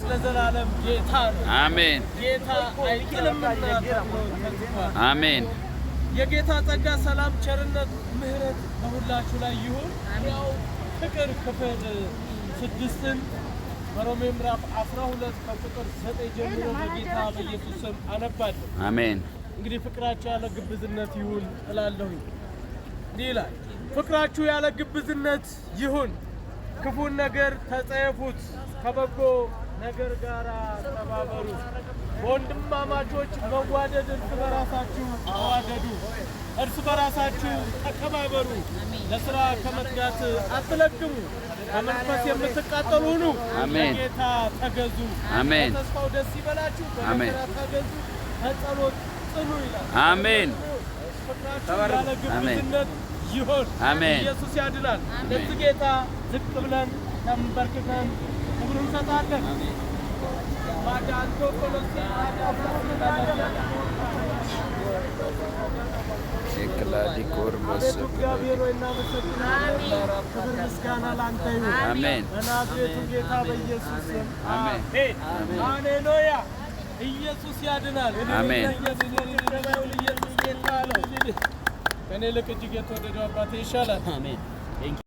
ስለዘላለም ጌታ ነው። አሜን። ጌታ አይጥልምና አሜን። የጌታ ጸጋ፣ ሰላም፣ ቸርነት፣ ምህረት በሁላችሁ ላይ ይሁን። ያው ፍቅር ክፍል ስድስትን በሮሜ ምዕራፍ 12 ከቁጥር 9 ጀምሮ በጌታ በኢየሱስ ስም አነባለሁ። አሜን። እንግዲህ ፍቅራችሁ ያለ ግብዝነት ይሁን እላለሁ። እንዲህ ይላል፣ ፍቅራችሁ ያለ ግብዝነት ይሁን ክፉን ነገር ተጸየፉት፣ ከበጎ ነገር ጋር ተባበሩ። በወንድማማቾች መዋደድ እርስ በራሳችሁ ተዋደዱ፣ እርስ በራሳችሁ ተከባበሩ። ለስራ ከመትጋት አትለግሙ፣ ከመንፈስ የምትቃጠሉ ሁኑ። ጌታ ተገዙ። አሜን። ተስፋው ደስ ይበላችሁ። አሜን። ተገዙ፣ በጸሎት ጽኑ ይላል። አሜን። ፍቅራችሁ ያለ ግብዝነት ይሆን። አሜን። ኢየሱስ ያድናል። ለዚህ ጌታ ዝቅ ብለን ተንበርክከን ክብር እንሰጣለን። እግዚአብሔር ሆይ እናመሰግናለን። ክብር ምስጋና ላንተ ይሁን በናዝሬቱ ጌታ በኢየሱስ ስም አሜን። ሃሌሉያ። ኢየሱስ ያድናል። አሜን። ከእኔ ልቅ እጅግ የተወደደው አባቴ ይሻላል። አሜን።